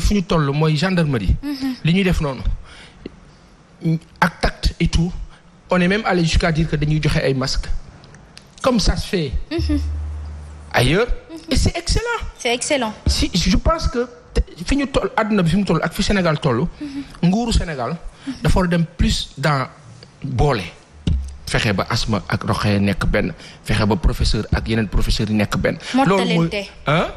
fu ñu toll mooy gendarmerie. Mhm. li ñuy def noonu ak tact et tout on est même allé jusqu'à dire que dañuy joxe ay masques comme ça se fait. Mhm. ailleurs. Mhm. et c'est excellent. c'est excellent. si je pense que fi ñu toll àdduna bi fi mu toll ak fi Sénégal toll. nguuru Sénégal. dafa war dem plus dans boole. fexe ba asma ak roxee nekk benn fexe ba professeur ak yeneen professeur yi nekk benn. loolu mooy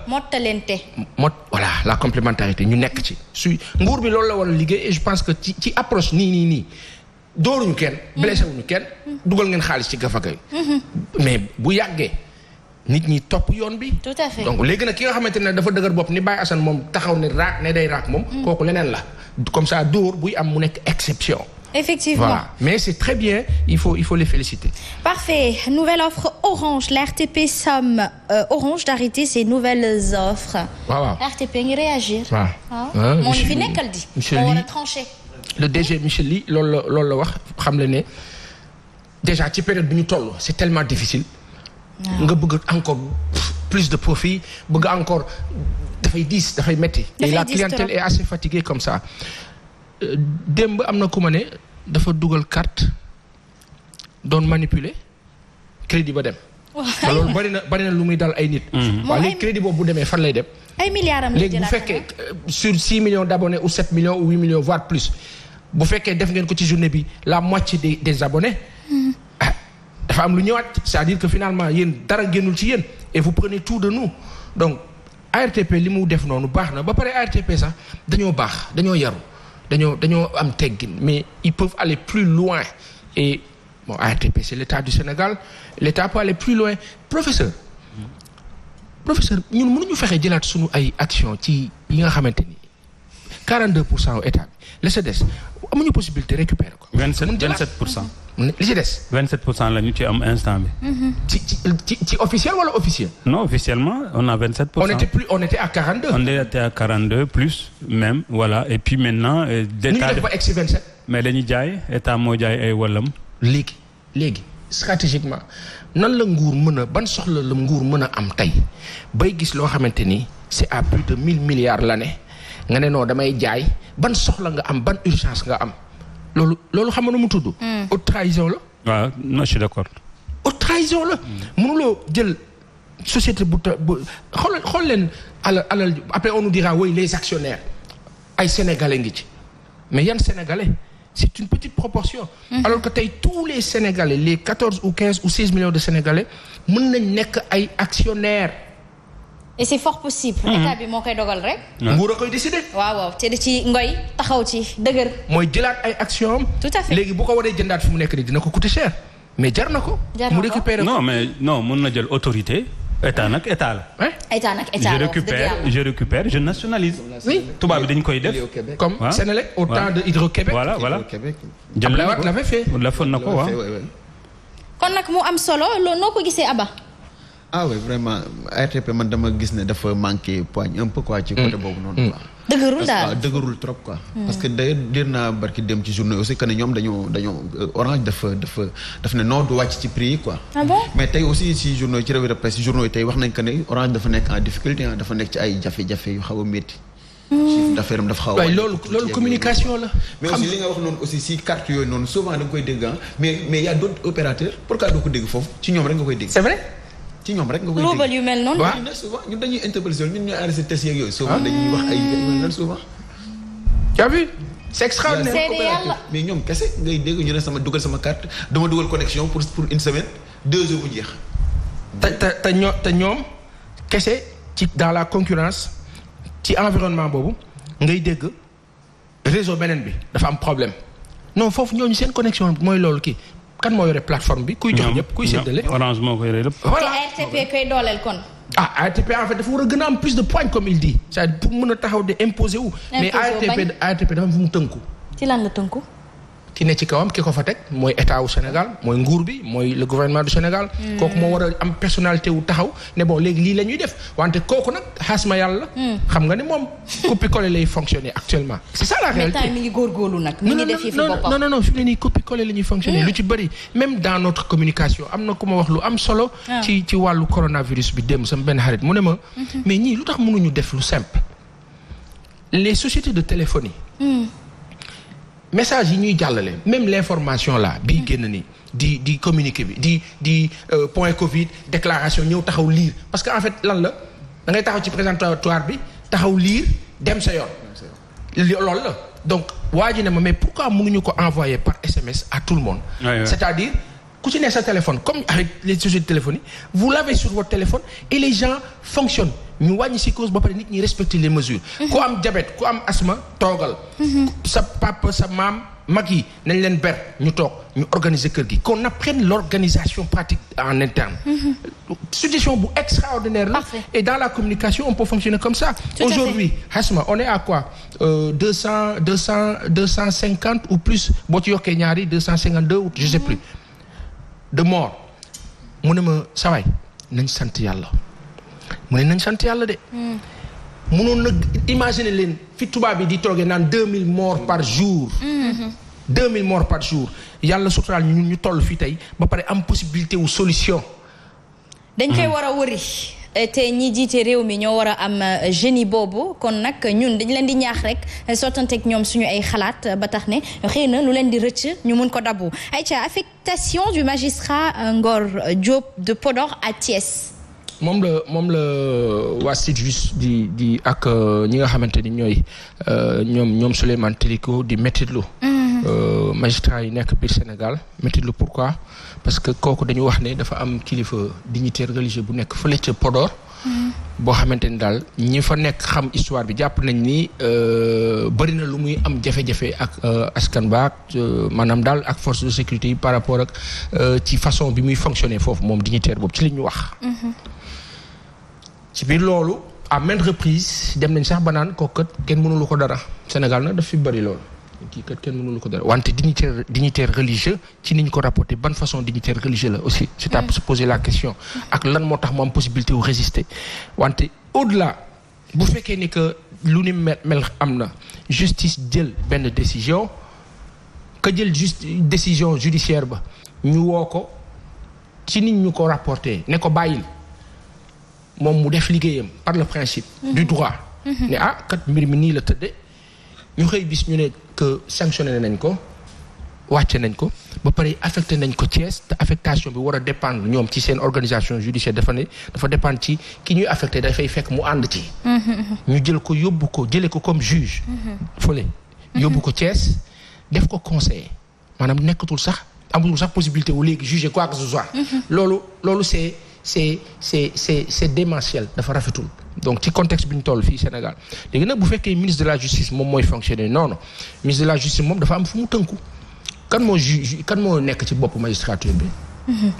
mottalente mot voilà la complémentarité ñu nekk ci. su nguur bi loolu la war liggéey et je pense que ci ci approche nii nii nii dooruñu kenn. Mm. blessé wuñu kenn. Mm. dugal ngeen xaalis ci gafaga mm-hmm. mais bu yàggee. nit ñi topp yoon bi. tout à fait donc léegi nag ki nga xamante ne dafa dëgër bopp ni Baye Assane moom taxaw ne raak ne day raak moom. Mm. kooku leneen la comme ça dóor buy am mu nekk exception. Effectivement. Voilà. Mais c'est très bien, il faut, il faut les féliciter. Parfait. Nouvelle offre Orange. La RTP somme euh, Orange d'arrêter ses nouvelles offres. Voilà. RTP ngi réagir. waaw ah moo ñu fi nekkal di. monsieur Ly moo war a tranché. le DG monsieur Ly loolu la loolu la wax xam le ne déjà ci période bi ñu toll c'est tellement difficile. Ah. nga bëgg encore plus de profit bëgg encore dafay diis dafay métti. et la clientèle est assez fatiguée comme ça. démb am na ku ma ne dafa dugal carte doon manipule crédit ba dem. waaw loolu bari na bari lu muy dal ay nit. Mm. waa léegi crédit boobu demee fan lay dem. ay milliards am léegi bu fekkee euh, sur 6 millions d'abonnés ou 7 millions ou 8 millions voire plus bu fekkee def ngeen ko ci journée bi la moitié des des abonnés. Mm. Ah, dafa am lu ñëwaat cest dire que finalement yéen dara génnul ci yéen et vous prenez tout de nous donc ARTP li mu def noonu baax na ba pare ARTP sax dañoo baax dañoo yaru. dañoo dañoo am teggin mais il peuvent aller plus loin et bon ARTP c'est l'état du Sénégal l'état peut aller plus loin professeur professeur ñun mënuñu fexe jëlaat suñu ay action ci yi nga xamante ni 42 pour cent état bi li si des amuñu possibilité récupérer ko. mun 27 pour cent. li ci am instant mhm. wala officiel. non officiellement on a 27 pour cent. on était plus on était même voilà et maintenant. Euh, d'état ba mais dañuy jaay état moo jaay ay wallam. léegi léegi stratégiquement nan la nguur mën a ban soxla la nguur mën a am tey bay gis loo xamante ni c'est à plus de 1000 la ne nga ne noo damay jaay ban soxla nga am ban urgence nga am loolu loolu xam na mu tudd. Hmm. haute traison la. waaw non je suis d'accord. haute trahison la. Hmm. mënuloo jël société bu ta bu xool xool leen alal alal après on nous dira oui les actionnaires ay sénégalais ngi ci mais yan sénégalais. c'est une petite proportion. Mmh. alors que tey tous les sénégalais les quatorze ou quinze ou seize millions de sénégalais mën nañ nekk ay actionnaire et mhm. moo koy dogal rek. nguur a koy décidé. waaw waaw te di ci ngoy taxaw ci dëgër. mooy jëlaat ay action am. tout à fait léegi bu ko waree jëndaat fi mu nekk nii dina ko coûter cher mais jar na ko. jar na ko mu récupérer non mais non mun na jël la. état nag état la je récupère je récupère je nationalise. oui tubaab bi dañ koy def. comme Sénélec au temps de la ko na ko waaw. mu am solo noo ko gisee Aba. ah oui vraiment ARTP man dama gis ne dafa manqué poigne un peu ci côté mm. boobu noonu mm. quoi. dëgërul daal dëgërul trop quoi. Mm. parce que d'ailleurs dir naa barki dem ci journée aussi que ne ñoom dañoo dañoo euh, orange dafa dafa daf ne non du wàcc ci prix yi quoi. Ah mais tey aussi si journaux yi ci revue de presse yi tey wax nañ que ne orange dafa nekk en difficulté ah dafa nekk ci ay jafe-jafe yu xaw a métti. chiffre d'affaires am dafa xaw loolu loolu communication la. mais aussi li nga wax noonu aussi si carte yooyu noonu souvent da koy dégg ah mais mais y a d'autres opérateurs doo ko dégg foofu ci ñoom rek nga koy dégg. ci ñoom rek nga koy luubal yu mel noonu. waaw souvent ñun dañuy interpellation ñun ñooy arrêté test yeeg yooyu. souvent ah. dañuy yaa vu. c'est extraordinaire mais ñoom kese ngay dégg ñu sama dugal sama carte dama dugal connexion pour pour une semaine deux jours bu jeex. te te ñoom kese ci dans la concurrence ci environnement boobu ngay dégg réseau beneen bi dafa am problème no foofu ñooñu seen connexion mooy loolu kii. kan moo yore plateforme bi. kuy jox ñëpp kuy séddale. orange moo koy yore lépp. te ARTP koy dooleel kon. ah ARTP en fait dafa war a gën am plus de poigne comme il dit cest à a taxaw di imposer wu. mais ARTP ARTP dafa am fu mu tënku. ci lan la ki ne ci kawam ki ko fa teg mooy état wu Sénégal mooy nguur bi mooy le gouvernement du Sénégal. Hmm. kooku moo war am personnalité wu taxaw ne bon léegi lii la ñuy def wante kooku nag xas ma yàlla. Hmm. xam nga ne moom copie coller lay fonctionner actuellement. c'est ça la mi ngi góorgóorlu nag. mi ngi def fi boppam non ne nii copie coller la ñuy fonctionner. Hmm. lu ci bëri même dans notre communication am na ku ma wax lu am solo. Ah. ci ci wàllu coronavirus bi démb sama benn xarit mu ne ma. Mhm. mais ñii lu tax mënuñu def lu simple. les sociétés de téléphonie. message yi ñuy jàllale même l'information là bii mm. génn nii di di communiqué bi di di euh, point Covid déclaration ñëw taxaw lire parce que en fait lan la dangay taxaw ci présent présentatoire bi taxaw lire dem sa yoon. loolu la donc waa ji ne ma mais pourquoi ñu ko envoyé par SMS à tout le monde. c'est-à-dire. ku ci nekk sa téléphone comme avec les sociétés téléphoniques vous l'avez sur votre téléphone et les gens fonctionnent ñu wàññi si cause ba pare nit ñi respecter les mesures mhm. ku am diabète ku am asthme toogal mhm. sa papa sa maam mag yi nañ leen ber ñu toog ñu organiser kër gi qu'on apprenne l'organisation pratique en interne mhm. situation bu extraordinaire la et dans la communication on peut fonctionner comme ça aujourd'hui Hasma on est à quoi euh, cent deux cent deux cent cinquante ou plus boo ci yokkee ñaari deux cent cinquante deux ou je de mort mu ne ma sawaay nañ sant yàlla mu ne nañ sant yàlla de hmm. mu mënoon nag imaginer leen fi tubaab yi di toogee naan deux mille morts par jour hmm. deux mille morts par jour yàlla suturaal ñun ñu toll fii tey ba pare am possibilité wu solution dañ koy hmm. war a wëri te ñi jiite réew mi ñoo war a am euh, génie boobu kon nag ñun dañ leen di ñaax rek euh, sottanteeg ñoom suñu ay xalaat euh, ba tax ne xëy na lu leen di rëcc ñu mën ko dabu ayca affectation du magistrat Ngor Diop de Podor à ties moom la moom la waa Sytjust di di ak ñi nga xamante ni ñooy ñoom ñoom Souleymane Téliko di métitlu mm. Euh, magistrats yi nekk biir Sénégal métti lu pourquoi parce que kooku dañu wax ne dafa am kilifa dignitaire religieux bu nekk fële ca Podor. Mm-hmm. boo xamante ni daal ñi fa nekk xam histoire bi jàpp nañ ni euh, bëri na lu muy am jafe-jafe ak euh, askan ba ak maanaam daal ak force de sécurité yi par rapport ak ci façon bi muy fonctionner foofu moom dignitaire boobu ci li ñu wax. Mm-hmm. ci biir loolu à maintes reprises dem nañ sax ba naan kooku kenn mënulu ko dara Sénégal nag daf fi bëri loolu. kii kat kenn mënul ko dara wante dignitaire dignitaire religieux ci ni ñu ko rapporté ban façon dignitaire religieux la aussi c'est à se poser la question ak lan moo tax mu possibilité wu résister wante au-delà bu fekkee ni que lu ni mel mel am na justice jël benn décision ka jël just décision judiciaire ba ñu woo ko ci nit ñu ko rapporté ne ko bàyyil moom mu def liggéeyam par le principe du mm-hmm. droit mm-hmm. ne ah kat mbir mi nii la tëdde ñu xëy bis ñu ne que sanctionné nañ ko wàcce nañ ko ba pare affecté nañ ko Thiès te affectation bi war a dépendre ñoom ci seen organisation judiciaire dafa ne dafa dépendre ci ki ñuy affecté dafay fekk mu ànd ci. Mm-hmm. ñu jël ko yóbbu ko jëlee ko comme juge. Mm-hmm. fële mm-hmm. yóbbu ko Thiès def ko conseiller maanaam nekkatul sax amul sax possibilité wu léegi juger quoi que loolu loolu c'est c'est c'est c'est c'est démentiel dafa rafetul donc ci contexte bi ñu toll fii Sénégal léegi nag bu fekkee ministre de la justice moom mooy fonctionner non ministre de la justice moom dafa am fu mu tënku kan moo kan moo nekk ci bopp magistrature bi. Mm-hmm.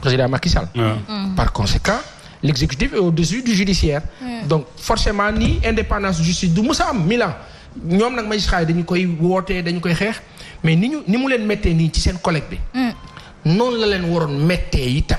président Macky Sall. Mm. par conséquent l'exécutif est au-dessus du judiciaire. donc forcément ni indépendance justice du Moussa am Milan ñoom nag magistrat yi dañu koy wootee dañu koy xeex mais ni ñu ni mu leen méttee nii ci seen collègue bi. Mm. noonu la leen waroon méttee itam.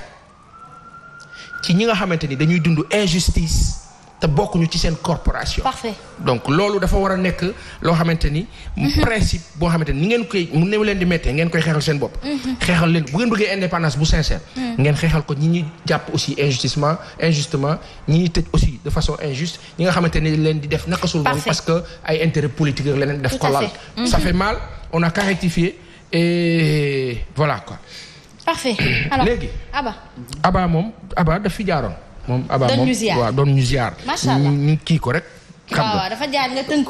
ci ñi nga xamante ni dañuy dund injustice te bokkuñu ci seen corporation. parfait donc loolu dafa war a nekk loo xamante ni. Mhm. principe boo xamante ni ni ngeen koy mu néew leen di méttee ngeen koy xeexal seen bopp. Mhm. xeexal leen bu ngeen bëggee indépendance bu sincère. Mhm. ngeen xeexal ko ñi ñuy jàpp aussi injustement injustement ñi ñuy tëj aussi de façon injuste ñi nga xamante ni leen di def naka sul parce que ay intérêt politique ak leneen def ko laal. ça fait mal on a qu'à rectifier voilà quoi. parfait léegi Aba. moom. Abba daf fi jaaroon. moom Abba moom waaw doon ñu ziar. macha allah ñu kii ko jaar nga tënk